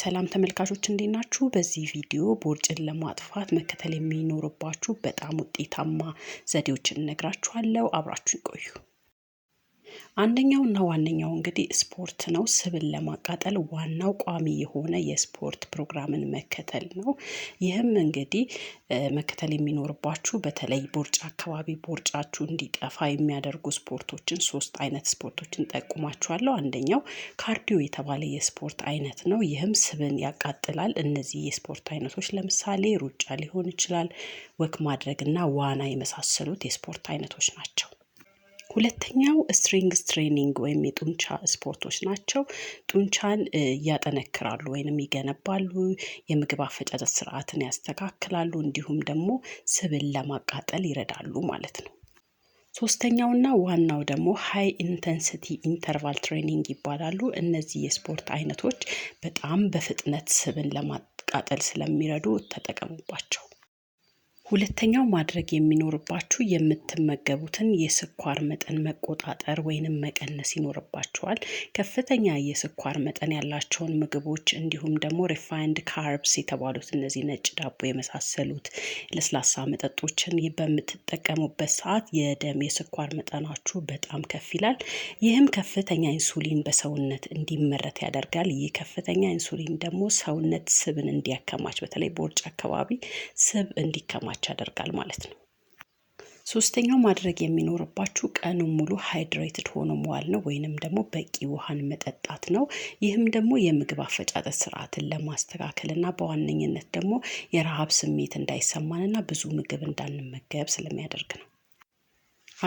ሰላም ተመልካቾች እንዴት ናችሁ? በዚህ ቪዲዮ ቦርጭን ለማጥፋት መከተል የሚኖርባችሁ በጣም ውጤታማ ዘዴዎችን እነግራችኋለሁ። አብራችሁ ይቆዩ። አንደኛውና ዋነኛው እንግዲህ ስፖርት ነው። ስብን ለማቃጠል ዋናው ቋሚ የሆነ የስፖርት ፕሮግራምን መከተል ነው። ይህም እንግዲህ መከተል የሚኖርባችሁ በተለይ ቦርጭ አካባቢ ቦርጫችሁ እንዲጠፋ የሚያደርጉ ስፖርቶችን ሶስት አይነት ስፖርቶችን ጠቁማችኋለሁ። አንደኛው ካርዲዮ የተባለ የስፖርት አይነት ነው። ይህም ስብን ያቃጥላል። እነዚህ የስፖርት አይነቶች ለምሳሌ ሩጫ ሊሆን ይችላል ወክ ማድረግ እና ዋና የመሳሰሉት የስፖርት አይነቶች ናቸው ሁለተኛው ስትሪንግስ ትሬኒንግ ወይም የጡንቻ ስፖርቶች ናቸው። ጡንቻን ያጠነክራሉ ወይንም ይገነባሉ የምግብ አፈጫጨት ስርዓትን ያስተካክላሉ እንዲሁም ደግሞ ስብን ለማቃጠል ይረዳሉ ማለት ነው። ሶስተኛውና ዋናው ደግሞ ሃይ ኢንተንሲቲ ኢንተርቫል ትሬኒንግ ይባላሉ እነዚህ የስፖርት አይነቶች በጣም በፍጥነት ስብን ለማቃጠል ስለሚረዱ ተጠቀሙባቸው ሁለተኛው ማድረግ የሚኖርባችሁ የምትመገቡትን የስኳር መጠን መቆጣጠር ወይንም መቀነስ ይኖርባችኋል። ከፍተኛ የስኳር መጠን ያላቸውን ምግቦች እንዲሁም ደግሞ ሪፋይንድ ካርብስ የተባሉት እነዚህ ነጭ ዳቦ የመሳሰሉት ለስላሳ መጠጦችን በምትጠቀሙበት ሰዓት የደም የስኳር መጠናችሁ በጣም ከፍ ይላል። ይህም ከፍተኛ ኢንሱሊን በሰውነት እንዲመረት ያደርጋል። ይህ ከፍተኛ ኢንሱሊን ደግሞ ሰውነት ስብን እንዲያከማች በተለይ ቦርጭ አካባቢ ስብ እንዲከማች እንዲኖራችሁ ያደርጋል ማለት ነው። ሶስተኛው ማድረግ የሚኖርባችሁ ቀኑን ሙሉ ሃይድሬትድ ሆኖ መዋል ነው፣ ወይንም ደግሞ በቂ ውሃን መጠጣት ነው። ይህም ደግሞ የምግብ አፈጫጠት ስርዓትን ለማስተካከል እና በዋነኝነት ደግሞ የረሃብ ስሜት እንዳይሰማንና ብዙ ምግብ እንዳንመገብ ስለሚያደርግ ነው።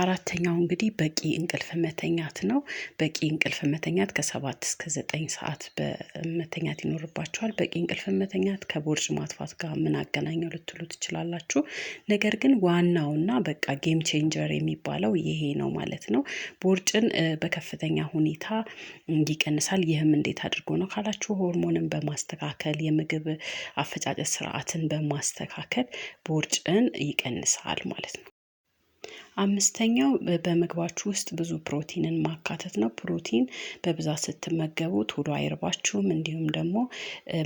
አራተኛው እንግዲህ በቂ እንቅልፍ መተኛት ነው። በቂ እንቅልፍ መተኛት ከሰባት እስከ ዘጠኝ ሰዓት በመተኛት ይኖርባቸዋል በቂ እንቅልፍ መተኛት ከቦርጭ ማጥፋት ጋር ምን አገናኘው ልትሉ ትችላላችሁ። ነገር ግን ዋናውና በቃ ጌም ቼንጀር የሚባለው ይሄ ነው ማለት ነው። ቦርጭን በከፍተኛ ሁኔታ ይቀንሳል። ይህም እንዴት አድርጎ ነው ካላችሁ ሆርሞንን በማስተካከል የምግብ አፈጫጨት ስርዓትን በማስተካከል ቦርጭን ይቀንሳል ማለት ነው አምስተኛው በምግባችሁ ውስጥ ብዙ ፕሮቲንን ማካተት ነው። ፕሮቲን በብዛት ስትመገቡ ቶሎ አይርባችሁም እንዲሁም ደግሞ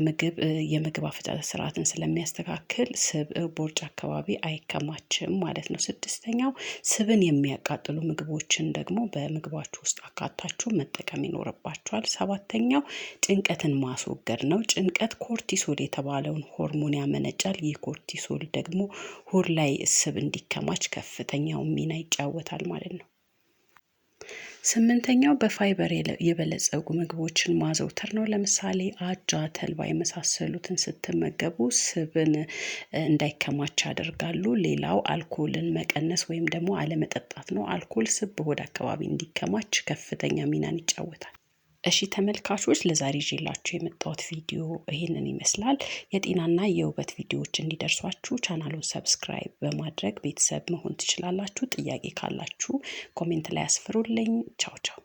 ምግብ የምግብ አፈጫጨት ስርዓትን ስለሚያስተካክል ስብ ቦርጭ አካባቢ አይከማችም ማለት ነው። ስድስተኛው ስብን የሚያቃጥሉ ምግቦችን ደግሞ በምግባችሁ ውስጥ አካታችሁ መጠቀም ይኖርባችኋል። ሰባተኛው ጭንቀትን ማስወገድ ነው። ጭንቀት ኮርቲሶል የተባለውን ሆርሞን ያመነጫል። ይህ ኮርቲሶል ደግሞ ሆድ ላይ ስብ እንዲከማች ከፍተኛው ሚና ይጫወታል ማለት ነው። ስምንተኛው በፋይበር የበለጸጉ ምግቦችን ማዘውተር ነው። ለምሳሌ አጃ፣ ተልባ የመሳሰሉትን ስትመገቡ ስብን እንዳይከማች ያደርጋሉ። ሌላው አልኮልን መቀነስ ወይም ደግሞ አለመጠጣት ነው። አልኮል ስብ በሆድ አካባቢ እንዲከማች ከፍተኛ ሚናን ይጫወታል። እሺ ተመልካቾች ለዛሬ ይዤላችሁ የመጣሁት ቪዲዮ ይሄንን ይመስላል። የጤናና የውበት ቪዲዮዎች እንዲደርሷችሁ ቻናሉን ሰብስክራይብ በማድረግ ቤተሰብ መሆን ትችላላችሁ። ጥያቄ ካላችሁ ኮሜንት ላይ አስፍሩልኝ። ቻው ቻው።